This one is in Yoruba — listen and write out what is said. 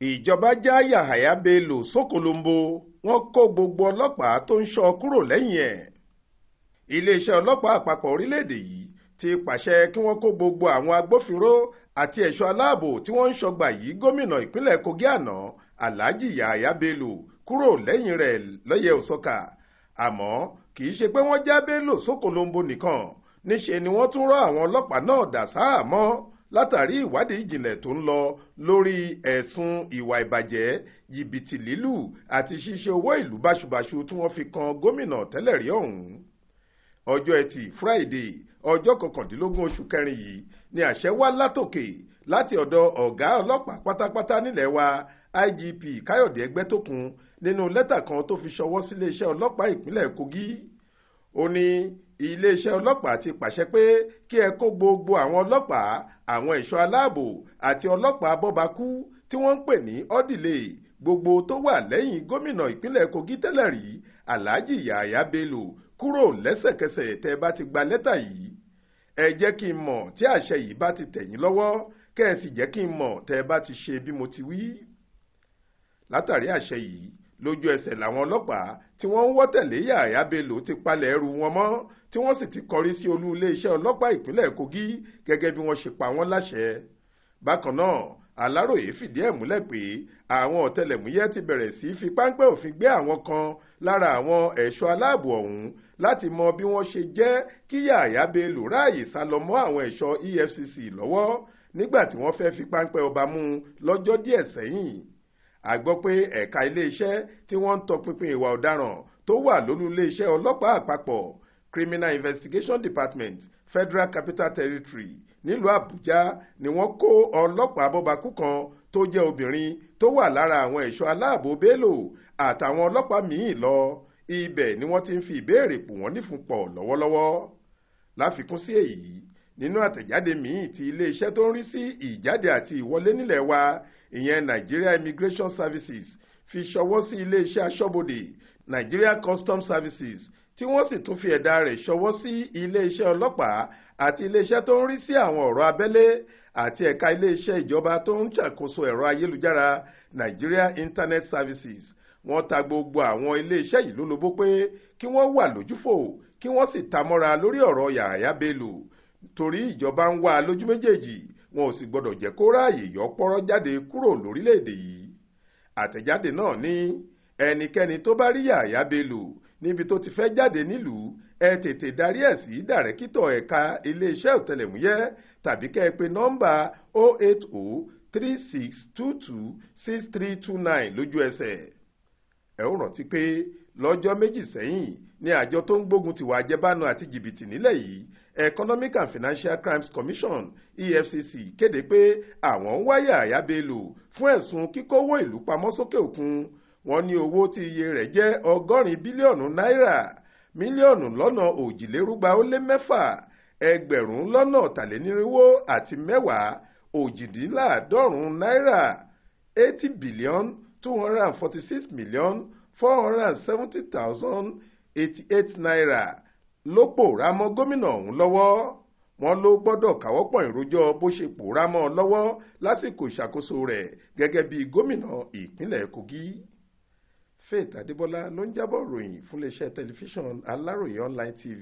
ìjọba já Yahaya Bello sokolombo wọ́n kó gbogbo ọlọ́pàá tó ń ṣọ́ kúrò lẹ́yìn ẹ̀ iléeṣẹ́ ọlọ́pàá àpapọ̀ orílẹ̀-èdè yìí ti pàṣẹ kí wọ́n kó gbogbo àwọn agbófinró àti ẹ̀ṣọ́ aláàbò tí wọ́n ń ṣọgbà yìí gómìnà ìpínlẹ̀ Kogi àná Alhaji Yahaya Bello kúrò lẹ́yìn rẹ̀ lọ́yẹ̀ òsọ́kà àmọ́ kì í ṣe pé wọ́n já Bello sókòlóńbó nìkan níṣe ni wọ́n tún rọ àwọn ọlọ́pàá náà dà sáà mọ́ látàrí ìwádìí ìjìnlẹ̀ tó ń lọ lórí ẹ̀sùn ìwà ìbàjẹ́ jìbìtì lílù àti ṣíṣe owó ìlú báṣubàṣu tí wọ́n fi kan gómìnà tẹ́lẹ̀ rí ọ̀hún ọjọ́ ẹtì Friday ọjọ́ kọkàndínlógún oṣù kẹrin yìí ni àṣẹ wá látòkè láti ọ̀dọ̀ ọ̀gá ọlọ́pàá pátápátá nílẹ̀ wa IGP Káyọ̀dé Ẹgbẹ́tókun nínú lẹ́tà kan tó fi ṣọwọ́ síléeṣẹ́ ọlọ́pàá ìpínlẹ̀ Kogi ó ní iléeṣẹ́ ọlọ́pàá ti pàṣẹ pé kí ẹ kó gbogbo àwọn ọlọ́pàá àwọn ẹ̀ṣọ́ aláàbò àti ọlọ́pàá bọ́bakú tí wọ́n ń pè ní ọ́dìlé gbogbo tó wà lẹ́yìn gómìnà ìpínlẹ̀ Kogi tẹ́lẹ̀ rí Alhaji Yahaya Bello kúrò lẹ́sẹ̀kẹsẹ̀ tẹ́ bá ti gba lẹ́tà yìí ẹ jẹ́ kí n mọ̀ tí àṣẹ yìí bá ti tẹ̀yìn lọ́wọ́ kẹ́ ẹ sì jẹ́ kí n mọ̀ tẹ́ bá ti ṣe bí mo ti wí látàrí àṣẹ yìí lójú ẹsẹ̀ làwọn ọlọ́pàá tí wọ́n ń wọ́ tẹ̀lé Yahaya Bello ti palẹ̀ ẹrù wọn mọ́ tí wọ́n sì ti kọrí sí olú iléeṣẹ́ ọlọ́pàá ìpínlẹ̀ Kogi gẹ́gẹ́ bí wọ́n ṣe pa wọ́n láṣẹ. bákan náà Aláròyé fìdí ẹ̀ múlẹ̀ pé àwọn ọ̀tẹlẹ̀múyẹ́ ti bẹ̀rẹ̀ sí fi páńpẹ́ òfin gbé àwọn kan lára àwọn ẹ̀ṣọ́ aláàbò ọ̀hún láti mọ bí wọ́n ṣe jẹ́ kí Yahaya Bello ráàyè sá lọ mọ́ àwọn ẹ̀ṣọ́ EFCC lọ́wọ́ nígbà tí wọ́n fẹ́ fi páńpẹ́ ọba mú un lọ́jọ́ díẹ̀ sẹ́yìn a gbọ́ pé ẹ̀ka iléeṣẹ́ tí wọ́n ń tọpinpin ìwà ọ̀daràn tó wà lólú iléeṣẹ́ ọlọ́pàá àpapọ̀ criminal investigation department federal capital territory nílùú àbújá ni wọ́n kó ọlọ́pàá abọ́bakú kan tó jẹ́ obìnrin tó wà lára àwọn ẹ̀ṣọ́ aláàbò bello àtàwọn ọlọ́pàá míì lọ ibẹ̀ ni wọ́n ti ń fi ìbéèrè pò wọ́n nífun pọ̀ lọ́wọ́lọ́wọ́ láfikún sí èyí nínú àtẹ̀jáde míì ti iléeṣẹ́ tó ń rí sí ìjáde àti ìwọlé nílẹ̀ wa ìyẹn Nigeria Immigration Services fi ṣọwọ́ sí iléeṣẹ́ aṣọ́bodè Nigeria Customs Services tí wọ́n sì tún fi ẹ̀dà rẹ̀ ṣọwọ́ sí iléeṣẹ́ ọlọ́pàá àti iléeṣẹ́ tó ń rí sí àwọn ọ̀rọ̀ abẹ́lé àti ẹ̀ka iléeṣẹ́ ìjọba tó ń ṣàkóso ẹ̀rọ ayélujára Nigeria Internet Services wọ́n ta gbogbo àwọn iléeṣẹ́ yìí lólobó pé kí wọ́n wà lójúfò kí wọ́n sì ta mọ́ra lórí ọ̀rọ̀ Yahaya Bello torí ìjọba ń wá a lójú méjèèjì wọn ò sì gbọdọ̀ jẹ́ kó ráàyè yọ pọ́rọ́ jáde kúrò lórílẹ̀‐èdè yìí àtẹ̀jáde náà ní ẹnikẹ́ni tó bá rí Yàyà Bello níbi tó ti fẹ́ jáde nílùú ẹ tètè darí ẹ̀ sí dàrẹ́kítọ̀ ẹ̀ka iléeṣẹ́ ọ̀tẹlẹ̀múyẹ́ tàbí kẹ́ ẹ pè nọ́mbà 08036226329 lójú ẹsẹ̀ ẹ ó rántí pé lọ́jọ́ méjì sẹ́yìn ni àjọ tó ń gbógun tiwà àjẹbánu àti jìbìtì nílẹ̀ yìí Economic and Financial Crimes Commission EFCC kéde pé àwọn ń wáyà àyà Bello fún ẹ̀sùn kíkówó ìlú pamọ́ sókè òkun wọ́n ní owó tí iye rẹ̀ jẹ́ ọgọ́rin bílíọ̀nù náírà mílíọ̀nù lọ́nà òjìlérúgba ó lé mẹ́fà ẹgbẹ̀rún lọ́nà ọ̀tàlénírínwó àti mẹ́wàá òjìdínláàádọ́rùn-ún náírà eighty billion two hundred and forty six million four hundred seventy thousand eighty eight naira ló pòórá mọ́ gómìnà ọ̀hún lọ́wọ́ wọ́n ló gbọ́dọ̀ káwọ́pọ̀ ìrójọ́ bó ṣe pòórá mọ́ ọ lọ́wọ́ lásìkò ìṣàkóso rẹ̀ gẹ́gẹ́ bí gómìnà ìpínlẹ̀ Kogi Faith Adébọlá ló ń jábọ̀ ròyìn fún iléeṣẹ́ tẹlifíṣàn Aláròyé online TV.